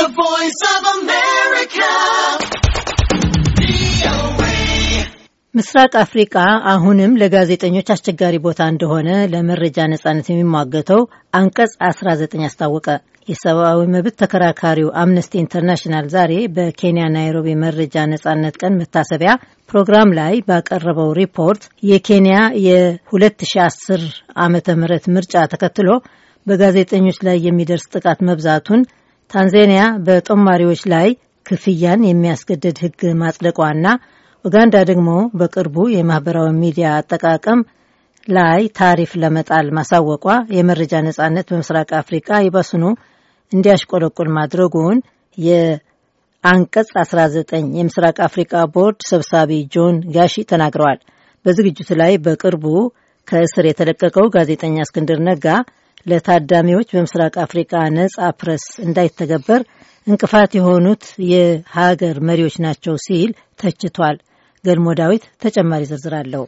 The Voice of America. ምስራቅ አፍሪቃ አሁንም ለጋዜጠኞች አስቸጋሪ ቦታ እንደሆነ ለመረጃ ነጻነት የሚሟገተው አንቀጽ 19 አስታወቀ። የሰብአዊ መብት ተከራካሪው አምነስቲ ኢንተርናሽናል ዛሬ በኬንያ ናይሮቢ መረጃ ነጻነት ቀን መታሰቢያ ፕሮግራም ላይ ባቀረበው ሪፖርት የኬንያ የ2010 ም ምርጫ ተከትሎ በጋዜጠኞች ላይ የሚደርስ ጥቃት መብዛቱን ታንዛኒያ በጦማሪዎች ላይ ክፍያን የሚያስገድድ ሕግ ማጽደቋና ኡጋንዳ ደግሞ በቅርቡ የማህበራዊ ሚዲያ አጠቃቀም ላይ ታሪፍ ለመጣል ማሳወቋ የመረጃ ነጻነት በምስራቅ አፍሪቃ ይበስኑ እንዲያሽቆለቁል ማድረጉን የአንቀጽ 19 የምስራቅ አፍሪቃ ቦርድ ሰብሳቢ ጆን ጋሺ ተናግረዋል። በዝግጅቱ ላይ በቅርቡ ከእስር የተለቀቀው ጋዜጠኛ እስክንድር ነጋ ለታዳሚዎች በምስራቅ አፍሪቃ ነጻ ፕረስ እንዳይተገበር እንቅፋት የሆኑት የሀገር መሪዎች ናቸው ሲል ተችቷል። ገልሞ ዳዊት ተጨማሪ ዝርዝር አለው።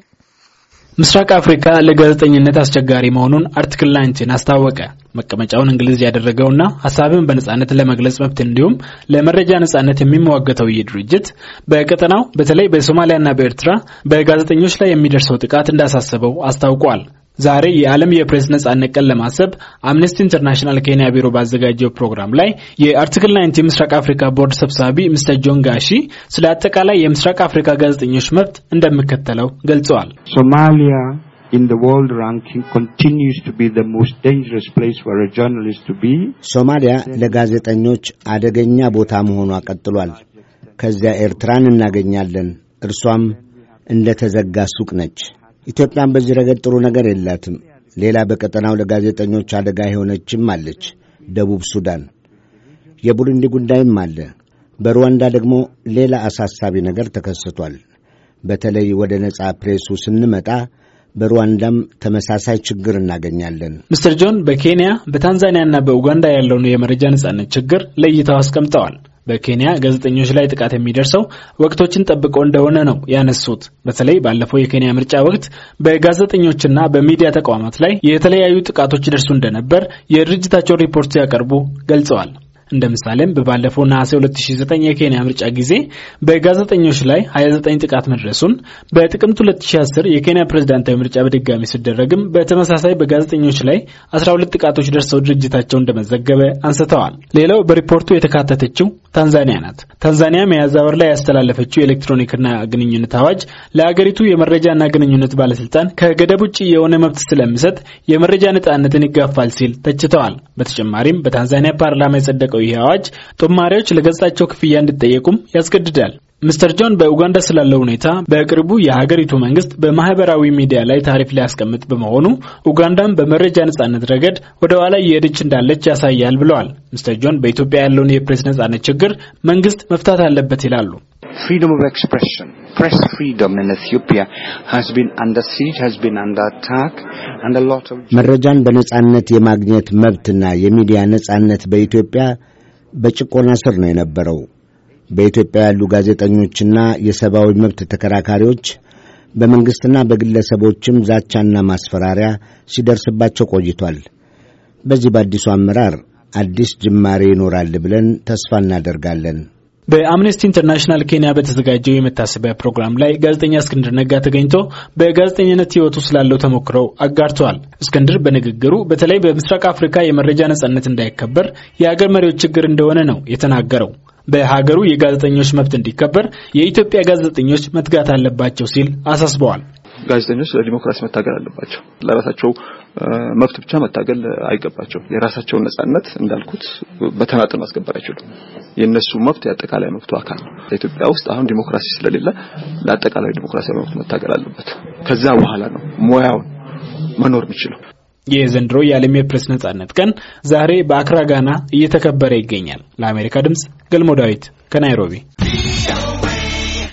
ምስራቅ አፍሪካ ለጋዜጠኝነት አስቸጋሪ መሆኑን አርቲክል 19 አስታወቀ። መቀመጫውን እንግሊዝ ያደረገውና ሀሳብን በነጻነት ለመግለጽ መብት እንዲሁም ለመረጃ ነጻነት የሚሟገተው ይህ ድርጅት በቀጠናው በተለይ በሶማሊያና በኤርትራ በጋዜጠኞች ላይ የሚደርሰው ጥቃት እንዳሳሰበው አስታውቋል። ዛሬ የዓለም የፕሬስ ነጻነት ቀን ለማሰብ አምነስቲ ኢንተርናሽናል ኬንያ ቢሮ ባዘጋጀው ፕሮግራም ላይ የአርቲክል 9 የምስራቅ አፍሪካ ቦርድ ሰብሳቢ ሚስተር ጆን ጋሺ ስለ አጠቃላይ የምስራቅ አፍሪካ ጋዜጠኞች መብት እንደሚከተለው ገልጸዋል። ሶማሊያ in the world ranking continues to be the most dangerous place for a journalist to be ሶማሊያ ለጋዜጠኞች አደገኛ ቦታ መሆኗ ቀጥሏል። ከዚያ ኤርትራን እናገኛለን። እርሷም እንደ ተዘጋ ሱቅ ነች። ኢትዮጵያን በዚህ ረገድ ጥሩ ነገር የላትም። ሌላ በቀጠናው ለጋዜጠኞች አደጋ የሆነችም አለች፣ ደቡብ ሱዳን። የቡሩንዲ ጉዳይም አለ። በሩዋንዳ ደግሞ ሌላ አሳሳቢ ነገር ተከስቷል። በተለይ ወደ ነጻ ፕሬሱ ስንመጣ በሩዋንዳም ተመሳሳይ ችግር እናገኛለን። ሚስተር ጆን በኬንያ በታንዛኒያና በኡጋንዳ ያለውን የመረጃ ነጻነት ችግር ለይተው አስቀምጠዋል። በኬንያ ጋዜጠኞች ላይ ጥቃት የሚደርሰው ወቅቶችን ጠብቆ እንደሆነ ነው ያነሱት። በተለይ ባለፈው የኬንያ ምርጫ ወቅት በጋዜጠኞችና በሚዲያ ተቋማት ላይ የተለያዩ ጥቃቶች ደርሱ እንደነበር የድርጅታቸው ሪፖርት ሲያቀርቡ ገልጸዋል። እንደ ምሳሌም በባለፈው ነሐሴ 2009 የኬንያ ምርጫ ጊዜ በጋዜጠኞች ላይ 29 ጥቃት መድረሱን፣ በጥቅምት 2010 የኬንያ ፕሬዝዳንታዊ ምርጫ በድጋሚ ሲደረግም በተመሳሳይ በጋዜጠኞች ላይ 12 ጥቃቶች ደርሰው ድርጅታቸው እንደመዘገበ አንስተዋል። ሌላው በሪፖርቱ የተካተተችው ታንዛኒያ ናት። ታንዛኒያ ሚያዝያ ወር ላይ ያስተላለፈችው የኤሌክትሮኒክና ግንኙነት አዋጅ ለአገሪቱ የመረጃና ግንኙነት ባለስልጣን ከገደብ ውጭ የሆነ መብት ስለሚሰጥ የመረጃ ነጻነትን ይጋፋል ሲል ተችተዋል። በተጨማሪም በታንዛኒያ ፓርላማ የጸደቀው ይህ አዋጅ ጦማሪዎች ለገጻቸው ክፍያ እንዲጠየቁም ያስገድዳል። ሚስተር ጆን በኡጋንዳ ስላለው ሁኔታ በቅርቡ የሀገሪቱ መንግስት በማህበራዊ ሚዲያ ላይ ታሪፍ ሊያስቀምጥ በመሆኑ ኡጋንዳም በመረጃ ነጻነት ረገድ ወደ ኋላ እየሄደች እንዳለች ያሳያል ብለዋል። ሚስተር ጆን በኢትዮጵያ ያለውን የፕሬስ ነጻነት ችግር መንግስት መፍታት አለበት ይላሉ። freedom መረጃን በነጻነት የማግኘት መብትና የሚዲያ ነጻነት በኢትዮጵያ በጭቆና ስር ነው የነበረው። በኢትዮጵያ ያሉ ጋዜጠኞችና የሰብአዊ መብት ተከራካሪዎች በመንግሥትና በግለሰቦችም ዛቻና ማስፈራሪያ ሲደርስባቸው ቆይቷል። በዚህ በአዲሱ አመራር አዲስ ጅማሬ ይኖራል ብለን ተስፋ እናደርጋለን። በአምነስቲ ኢንተርናሽናል ኬንያ በተዘጋጀው የመታሰቢያ ፕሮግራም ላይ ጋዜጠኛ እስክንድር ነጋ ተገኝቶ በጋዜጠኝነት ሕይወቱ ስላለው ተሞክሮው አጋርተዋል። እስክንድር በንግግሩ በተለይ በምስራቅ አፍሪካ የመረጃ ነጻነት እንዳይከበር የአገር መሪዎች ችግር እንደሆነ ነው የተናገረው። በሀገሩ የጋዜጠኞች መብት እንዲከበር የኢትዮጵያ ጋዜጠኞች መትጋት አለባቸው ሲል አሳስበዋል። ጋዜጠኞች ለዲሞክራሲ መታገል አለባቸው። ለራሳቸው መብት ብቻ መታገል አይገባቸው። የራሳቸውን ነጻነት እንዳልኩት በተናጠል ማስከበር አይችሉም። የእነሱ መብት የአጠቃላይ መብቱ አካል ነው። ኢትዮጵያ ውስጥ አሁን ዲሞክራሲ ስለሌለ ለአጠቃላይ ዲሞክራሲያዊ መብት መታገል አለበት። ከዛ በኋላ ነው ሙያውን መኖር የሚችለው። የዘንድሮ የዓለም የፕሬስ ነጻነት ቀን ዛሬ በአክራ ጋና እየተከበረ ይገኛል። ለአሜሪካ ድምፅ ገልሞ ዳዊት ከናይሮቢ